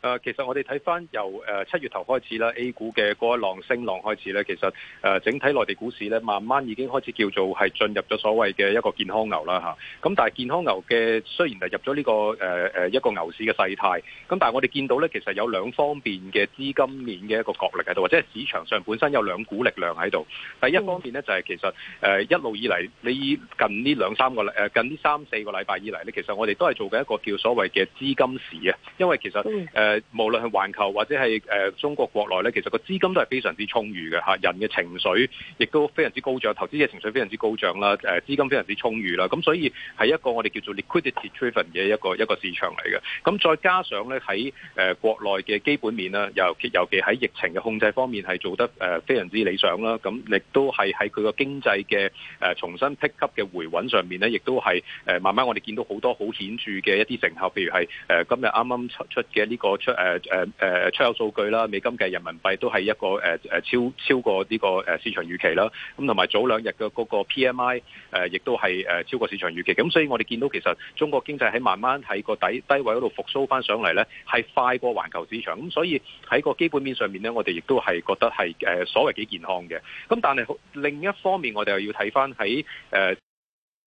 誒，其實我哋睇翻，由誒七月頭開始啦，A 股嘅嗰一浪升浪開始咧，其實誒整體內地股市咧，慢慢已經開始叫做係進入咗所謂嘅一個健康牛啦吓。咁但係健康牛嘅雖然係入咗呢個誒誒一個牛市嘅勢態，咁但係我哋見到咧，其實有兩方面嘅資金面嘅一個角力喺度，或者係市場上本身有兩股力量喺度。第一方面咧就係其實誒一路以嚟，你近呢兩三個禮誒近呢三四個禮拜以嚟咧，其實我哋都係做緊一個叫所謂嘅資金市啊，因為其實誒。誒，無論係環球或者係誒中國國內咧，其實個資金都係非常之充裕嘅，吓，人嘅情緒亦都非常之高漲，投資嘅情緒非常之高漲啦，誒資金非常之充裕啦，咁所以係一個我哋叫做 liquidity driven 嘅一個一個市場嚟嘅。咁再加上咧喺誒國內嘅基本面啦，尤其喺疫情嘅控制方面係做得誒非常之理想啦，咁亦都係喺佢個經濟嘅誒重新 pick up 嘅回穩上面咧，亦都係誒慢慢我哋見到好多好顯著嘅一啲成效，譬如係誒今日啱啱出出嘅呢個。出誒誒誒出口數據啦，美金計人民幣都係一個誒誒、呃、超超過呢、這個誒、呃、市場預期啦。咁同埋早兩日嘅嗰個 P M I 誒、呃，亦都係誒、呃、超過市場預期咁、嗯、所以我哋見到其實中國經濟喺慢慢喺個底低，低位嗰度復甦翻上嚟咧，係快過環球市場。咁、嗯、所以喺個基本面上面咧，我哋亦都係覺得係誒、呃、所謂幾健康嘅。咁、嗯、但係另一方面，我哋又要睇翻喺誒，呃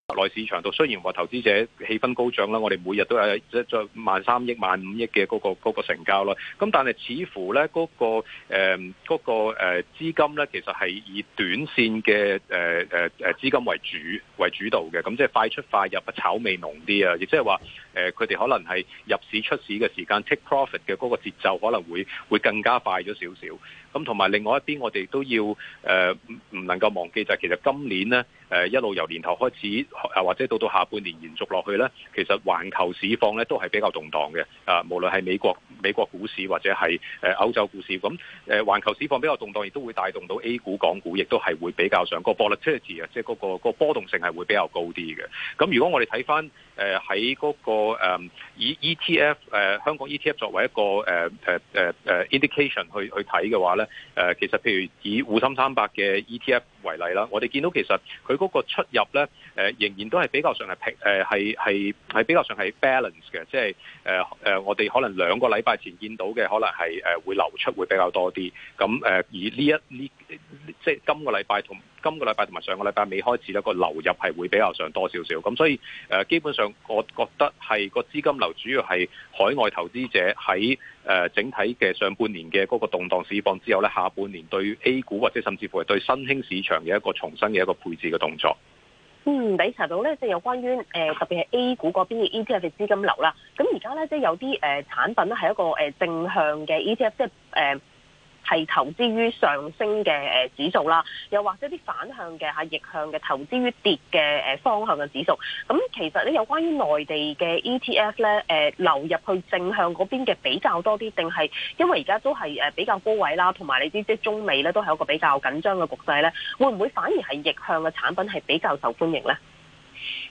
內市場度雖然話投資者氣氛高漲啦，我哋每日都有即係在萬三億、萬五億嘅嗰個嗰個成交咯。咁但係似乎咧、那、嗰個誒、嗯嗰個誒資金咧，其實係以短線嘅誒誒誒資金為主為主導嘅。咁即係快出快入啊，炒味濃啲啊，亦即係話。誒，佢哋可能係入市出市嘅時間 take profit 嘅嗰個節奏，可能會會更加快咗少少。咁同埋另外一邊，我哋都要誒唔、呃、能夠忘記就係、是、其實今年呢，誒一路由年頭開始，或者到到下半年延續落去呢，其實環球市況呢都係比較動盪嘅。啊，無論係美國美國股市或者係誒歐洲股市，咁誒、呃、環球市況比較動盪，亦都會帶動到 A 股港股，亦都係會比較上、那個 volatility 嘅，即係嗰個波動性係會比較高啲嘅。咁如果我哋睇翻誒喺嗰個。個、嗯、誒以 ETF 誒、呃、香港 ETF 作為一個誒誒誒誒 indication 去去睇嘅話咧，誒、呃、其實譬如以滬深三百嘅 ETF 為例啦，我哋見到其實佢嗰個出入咧，誒、呃、仍然都係比較上係誒，誒係係比較上係 balance 嘅，即係誒誒我哋可能兩個禮拜前見到嘅可能係誒會流出會比較多啲，咁誒、呃、以呢一呢即係今個禮拜同。今個禮拜同埋上個禮拜未開始咧，個流入係會比較上多少少，咁所以誒，基本上我覺得係個資金流主要係海外投資者喺誒整體嘅上半年嘅嗰個動盪市況之後咧，下半年對 A 股，或者甚至乎係對新興市場嘅一個重新嘅一個配置嘅動作。嗯，你查到咧，即係有關於誒，特別係 A 股嗰邊嘅 ETF 嘅資金流啦。咁而家咧，即係有啲誒產品咧，係一個誒正向嘅 ETF，即係誒。係投資於上升嘅誒指數啦，又或者啲反向嘅，嚇逆向嘅投資於跌嘅誒方向嘅指數。咁其實咧，有關於內地嘅 ETF 咧，誒流入去正向嗰邊嘅比較多啲，定係因為而家都係誒比較高位啦，同埋你知即係中美咧都係一個比較緊張嘅局勢咧，會唔會反而係逆向嘅產品係比較受歡迎咧？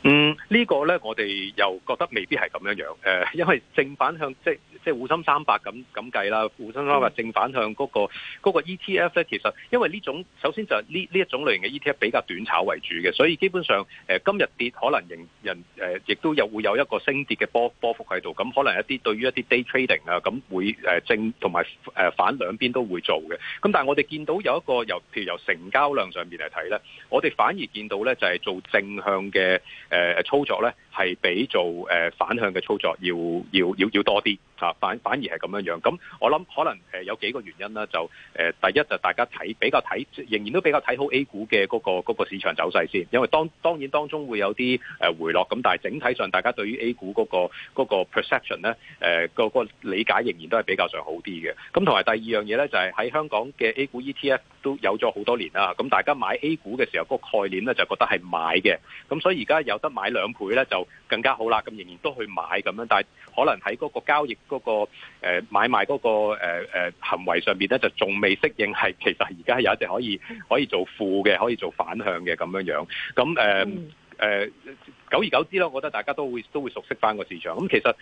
嗯，呢、這個呢，我哋又覺得未必係咁樣樣。誒、呃，因為正反向即即滬深三百咁咁計啦，滬深三百正反向嗰、那個嗰、那個 E T F 呢，其實因為呢種首先就係呢呢一種類型嘅 E T F 比較短炒為主嘅，所以基本上誒、呃、今日跌可能仍人誒，亦、呃、都有會有一個升跌嘅波波幅喺度。咁、嗯、可能一啲對於一啲 day trading 啊，咁會誒、呃、正同埋誒反兩邊都會做嘅。咁、嗯、但係我哋見到有一個由譬如由成交量上面嚟睇呢，我哋反而見到呢，就係、是、做正向嘅。誒操作咧係比做誒、呃、反向嘅操作要要要要多啲嚇，啊，反反而係咁樣樣。咁我諗可能誒有幾個原因啦，就誒、呃、第一就大家睇比較睇仍然都比較睇好 A 股嘅嗰個嗰個市場走勢先，因為當當然當中會有啲回落咁，咁但係整體上大家對於 A 股嗰個嗰個 perception 咧誒、呃個個理解仍然都係比較上好啲嘅。咁同埋第二樣嘢咧就係、是、喺香港嘅 A 股 ETF 都有咗好多年啦，咁大家買 A 股嘅時候，個概念咧就覺得係買嘅，咁所以而家有。得買兩倍咧就更加好啦，咁仍然都去買咁樣，但係可能喺嗰個交易嗰個誒買賣嗰個誒誒行為上邊咧，就仲未適應係其實而家係有一隻可以可以做負嘅，可以做反向嘅咁樣樣，咁誒誒久而久之咯，我覺得大家都會都會熟悉返個市場，咁其實。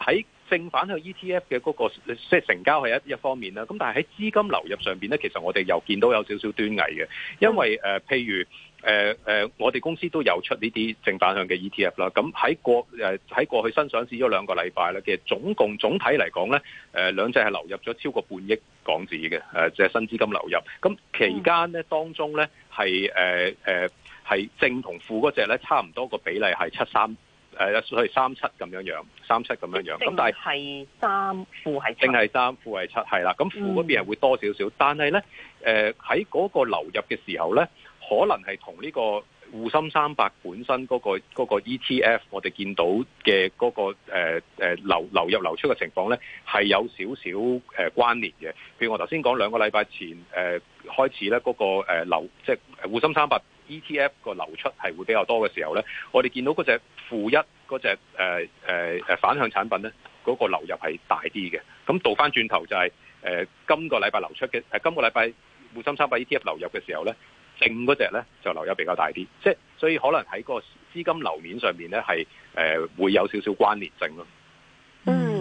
喺正反向 ETF 嘅嗰個即成交係一一方面啦，咁但係喺資金流入上邊咧，其實我哋又見到有少少端倪嘅，因為誒、呃、譬如誒誒、呃呃，我哋公司都有出呢啲正反向嘅 ETF 啦。咁喺過誒喺過去新上市咗兩個禮拜咧，其實總共總體嚟講咧，誒、呃、兩隻係流入咗超過半億港紙嘅誒，即、呃就是、新資金流入。咁期間咧當中咧係誒誒係正同負嗰隻咧差唔多個比例係七三。誒、呃，所以三七咁樣樣，三七咁樣樣，咁但係係三負係，正係三負係七，係啦，咁負嗰邊係會多少少，嗯、但係咧，誒喺嗰個流入嘅時候咧，可能係同呢個滬深三百本身嗰、嗰個嗰、嗰個、ETF，我哋見到嘅嗰、嗰個、呃、流流入流出嘅情況咧，係有少少誒關聯嘅。譬如我頭先講兩個禮拜前誒、呃、開始咧，嗰個流即係滬深三百。ETF 個流出係會比較多嘅時候咧，我哋見到嗰隻負一嗰隻誒誒誒反向產品咧，嗰、那個流入係大啲嘅。咁倒翻轉頭就係、是、誒、呃、今個禮拜流出嘅，係、呃、今個禮拜滬深三百 ETF 流入嘅時候咧，正嗰隻咧就流入比較大啲。即係所以可能喺個資金流面上面咧係誒會有少少關聯性咯。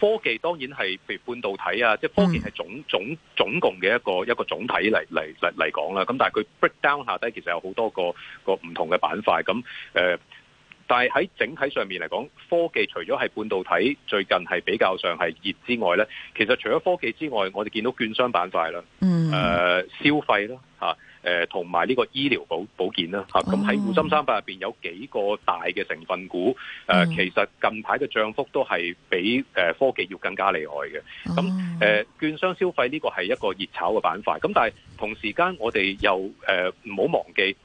科技當然係，譬如半導體啊，即係科技係總總總共嘅一個一個總體嚟嚟嚟嚟講啦、啊。咁但係佢 breakdown 下底，其實有好多個個唔同嘅板塊。咁誒、呃，但係喺整體上面嚟講，科技除咗係半導體最近係比較上係熱之外咧，其實除咗科技之外，我哋見到券商板塊啦，誒、嗯呃、消費啦嚇。啊誒同埋呢個醫療保保健啦嚇，咁喺滬深三百入邊有幾個大嘅成分股，誒、嗯嗯嗯嗯嗯、其實近排嘅漲幅都係比誒、呃、科技要更加厲害嘅。咁、嗯、誒、呃，券商消費呢個係一個熱炒嘅板塊，咁、啊、但係同時間我哋又誒唔好忘記，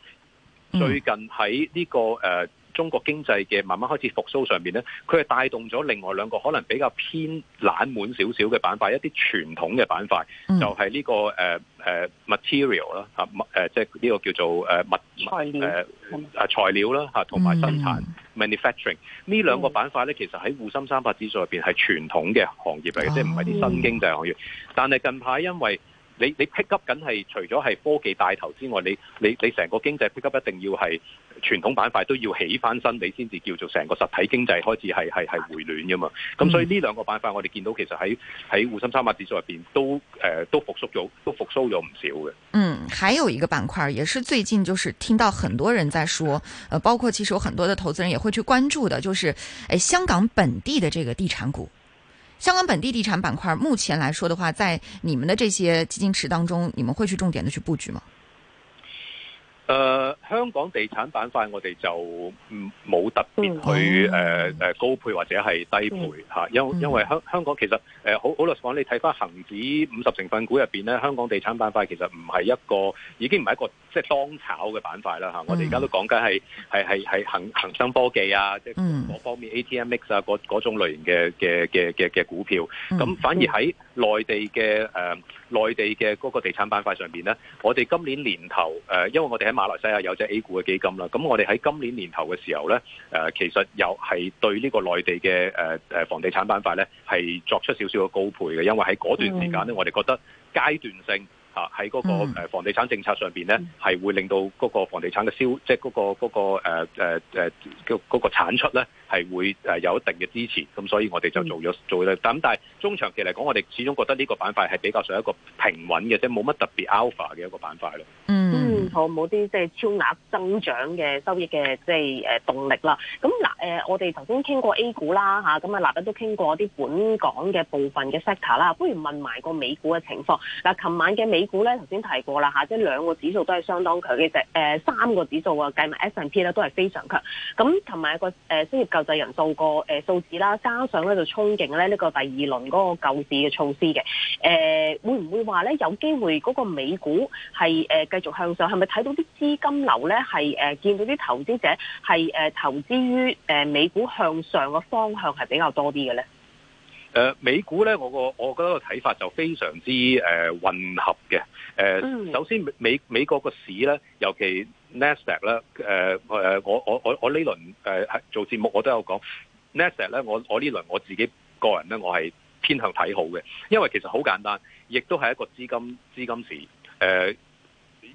最近喺呢、呢個誒。呃中國經濟嘅慢慢開始復甦上邊咧，佢係帶動咗另外兩個可能比較偏冷門少少嘅板塊，一啲傳統嘅板塊，嗯、就係呢、這個誒誒、呃呃、material 啦、啊、嚇，物即係呢個叫做誒物誒誒材料啦嚇，同、啊、埋生產、嗯、manufacturing 呢兩個板塊咧，其實喺滬深三百指數入邊係傳統嘅行業嚟嘅，即係唔係啲新經濟的行業。但係近排因為你你 pick up 緊係除咗係科技帶頭之外，你你你成個經濟 pick up 一定要係。傳統板塊都要起翻身，你先至叫做成個實體經濟開始係係係回暖㗎嘛？咁所以呢兩個板塊，我哋見到其實喺喺滬深三百指數入邊都誒、呃、都復甦咗，都復甦咗唔少嘅。嗯，還有一個板塊，也是最近就是聽到很多人在說，呃，包括其實有很多的投資人也會去關注的，就是誒香港本地的這個地產股。香港本地地產板塊目前來說的話，在你們的這些基金池當中，你們會去重點的去佈局嗎？誒香港地產板塊，我哋就冇特別去誒高配或者係低配嚇，因因為香香港其實誒好好老實講，你睇翻恒指五十成分股入面咧，香港地產板塊，嗯呃呃嗯嗯呃、塊其實唔係一個已經唔係一個即係、就是、當炒嘅板塊啦、啊、我哋而家都講緊係係係係恆恆生科技啊，即係嗰方面、嗯、ATMX 啊嗰嗰種類型嘅嘅嘅嘅嘅股票，咁、嗯、反而喺。嗯內地嘅誒，內、呃、地嘅嗰個地產板塊上邊咧，我哋今年年頭誒、呃，因為我哋喺馬來西亞有隻 A 股嘅基金啦，咁我哋喺今年年頭嘅時候咧，誒、呃、其實又係對呢個內地嘅誒誒房地產板塊咧，係作出少少嘅高配嘅，因為喺嗰段時間咧、嗯，我哋覺得階段性。喺嗰個誒房地產政策上邊咧，係會令到嗰個房地產嘅銷，即係嗰個嗰、嗰個誒誒誒嗰嗰個產出咧，係會誒有一定嘅支持。咁所以，我哋就做咗做咧。咁但係中長期嚟講，我哋始終覺得呢個板塊係比較上一個平穩嘅，即係冇乜特別 alpha 嘅一個板塊咯。冇啲即係超額增長嘅收益嘅即係誒動力啦。咁嗱誒，我哋頭先傾過 A 股啦嚇，咁啊嗱都傾過啲本港嘅部分嘅 sector 啦、啊。不如問埋個美股嘅情況。嗱、呃，琴晚嘅美股咧，頭先提過啦嚇，即係兩個指數都係相當強嘅，誒三個指數啊計埋 S&P 咧都係非常強。咁同埋個誒商業救濟人數個誒數字啦，加上咧就衝勁咧呢個第二輪嗰個救市嘅措施嘅誒，會唔會話咧有機會嗰個美股係誒繼續向上？咪睇到啲資金流咧，係誒、啊，見到啲投資者係誒、啊、投資於誒、啊、美股向上嘅方向係比較多啲嘅咧。誒、呃、美股咧，我個我覺得個睇法就非常之誒、呃、混合嘅。誒、呃嗯、首先美美國個市咧，尤其納斯達克咧，誒、呃、誒我我我我呢輪誒、呃、做節目我都有講納斯達克咧，我我呢輪我自己個人咧，我係偏向睇好嘅，因為其實好簡單，亦都係一個資金資金市誒。呃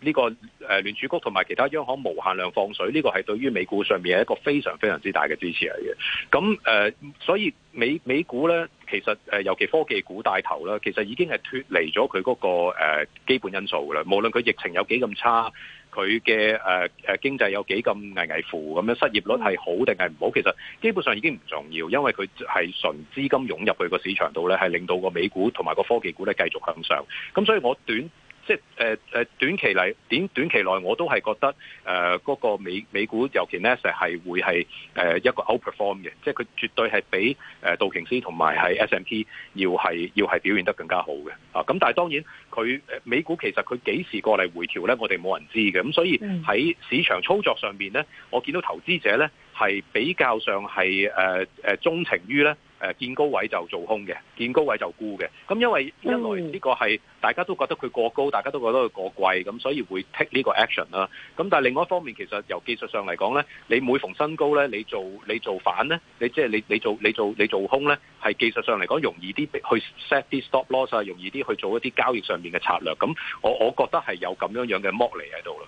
呢、這個誒聯儲局同埋其他央行無限量放水，呢、這個係對於美股上面係一個非常非常之大嘅支持嚟嘅。咁誒、呃，所以美美股呢，其實誒、呃，尤其科技股帶頭啦，其實已經係脫離咗佢嗰個誒、呃、基本因素噶啦。無論佢疫情有幾咁差，佢嘅誒誒經濟有幾咁危危乎咁樣，失業率係好定係唔好，其實基本上已經唔重要，因為佢係純資金湧入去個市場度呢，係令到個美股同埋個科技股呢繼續向上。咁所以我短。即係誒誒短期嚟短短期內我都係覺得誒嗰、呃嗰個美美股尤其納斯係會係誒一個 outperform 嘅，即係佢絕對係比誒道瓊斯同埋係 SMP 要係要係表現得更加好嘅啊！咁但係當然佢美股其實佢幾時過嚟回調咧，我哋冇人知嘅。咁所以喺市場操作上邊咧，我見到投資者咧係比較上係誒誒鍾情於咧。誒見高位就做空嘅，見高位就沽嘅。咁因為一來呢個係大家都覺得佢過高，大家都覺得佢過貴，咁所以會 take 呢個 action 啦。咁但係另外一方面，其實由技術上嚟講咧，你每逢新高咧，你做你做反咧，你即係你你做你做你做空咧，係技術上嚟講容易啲去 set 啲 stop loss 呀，容易啲去做一啲交易上面嘅策略。咁我我覺得係有咁樣樣嘅獲利喺度啦。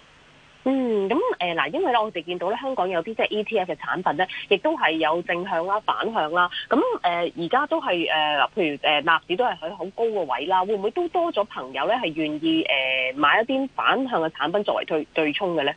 嗯，咁誒嗱，因為咧，我哋見到咧，香港有啲即係 ETF 嘅產品咧，亦都係有正向啦、反向啦。咁誒，而家都係誒，譬如誒納指都係喺好高嘅位啦。會唔會都多咗朋友咧，係願意誒買一啲反向嘅產品作為對對沖嘅咧？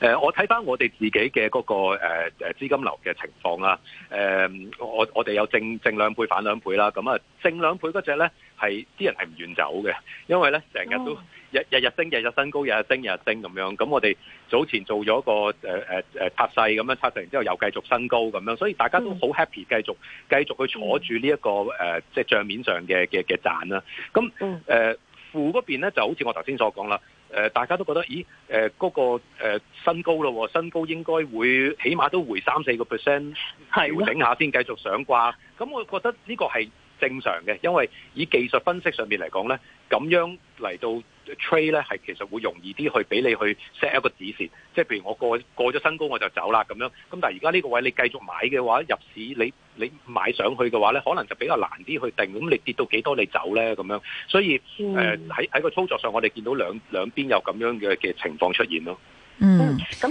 誒、呃，我睇翻我哋自己嘅嗰、那個誒、呃、資資金流嘅情況啦。誒、呃，我我哋有正正兩倍反兩倍啦。咁啊，正兩倍嗰隻咧係啲人係唔願走嘅，因為咧成日都日日日升，日日升、高，日日升，日升日升咁樣。咁我哋早前做咗個誒誒誒拆勢咁樣拆勢，然之後又繼續新高咁樣。所以大家都好 happy，繼、嗯、續繼續去坐住、這個嗯呃呃呃呃嗯呃、呢一個誒，即係帳面上嘅嘅嘅賺啦。咁誒負嗰邊咧就好似我頭先所講啦。呃、大家都覺得，咦？誒嗰個誒新高咯，新高應該會起碼都回三四個 percent 調整下先繼續上掛。咁、嗯、我覺得呢個係正常嘅，因為以技術分析上面嚟講咧，咁樣嚟到 trade 咧係其實會容易啲去俾你去 set 一個止蝕，即係譬如我過過咗新高我就走啦咁樣。咁但係而家呢個位你繼續買嘅話，入市你。你買上去嘅話呢，可能就比較難啲去定，咁你跌到幾多你走呢？咁樣，所以誒喺喺個操作上，我哋見到兩兩邊有咁樣嘅嘅情況出現咯。嗯，咁。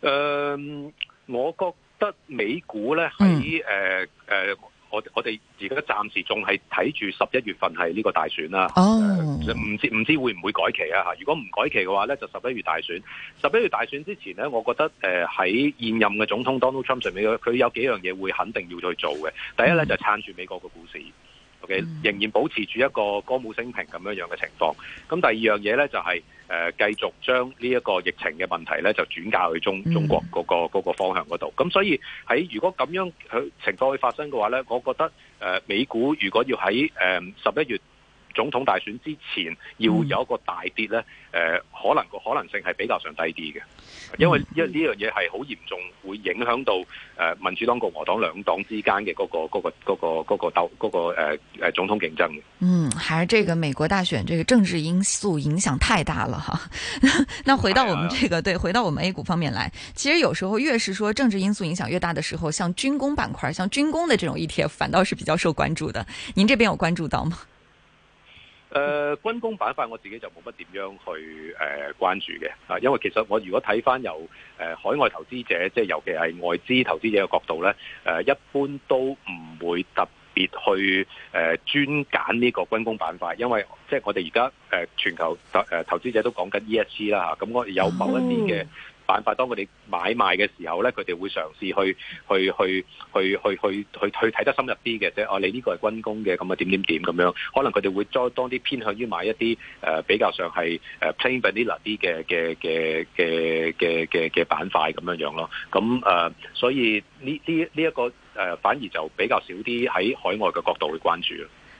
誒、uh，我覺得美股咧喺誒誒，我我哋而家暫時仲係睇住十一月份係呢個大選啦。哦，唔知唔知會唔會改期啊？吓，如果唔改期嘅話咧，就十一月大選。十一月大選之前咧，我覺得誒喺、呃、現任嘅總統 Donald Trump 上面，佢有幾樣嘢會肯定要去做嘅。第一咧就係撐住美國嘅股市。O.K. 仍然保持住一個歌舞升平咁樣樣嘅情況。咁第二樣嘢呢，就係誒繼續將呢一個疫情嘅問題呢，就轉嫁去中中國嗰個嗰個方向嗰度。咁所以喺如果咁樣情況去發生嘅話呢，我覺得誒、呃、美股如果要喺誒十一月總統大選之前要有一個大跌呢誒、嗯呃，可能個可能性係比較上低啲嘅，因為因呢樣嘢係好嚴重，會影響到誒民主黨共和黨兩黨之間嘅嗰個嗰、那個嗰、那個嗰、那個鬥嗰、那個誒誒、那個那個呃、總統競爭嗯，還是這個美國大選，這個政治因素影響太大了哈。 那回到我們這個、啊，對，回到我們 A 股方面來，其實有時候越是說政治因素影響越大的時候，像軍工板塊，像軍工的這種 ETF 反倒是比較受關注的。您這邊有關注到嗎？誒軍工板塊，我自己就冇乜點樣去誒、呃、關注嘅啊，因為其實我如果睇翻由誒、呃、海外投資者，即係尤其係外資投資者嘅角度咧，誒、呃、一般都唔會特別去誒、呃、專揀呢個軍工板塊，因為即係我哋而家誒全球誒、呃、投資者都講緊 E S G 啦嚇，咁、啊、我哋有某一啲嘅。板塊當佢哋買賣嘅時候咧，佢哋會嘗試去去去去去去去去睇得深入啲嘅，即係哦、啊，你呢個係軍工嘅，咁啊點點點咁樣，可能佢哋會再當啲偏向於買一啲誒、呃、比較上係誒、呃、plain vanilla 啲嘅嘅嘅嘅嘅嘅嘅板塊咁樣樣咯，咁、嗯、誒、呃，所以呢呢呢一個誒、呃、反而就比較少啲喺海外嘅角度去關注。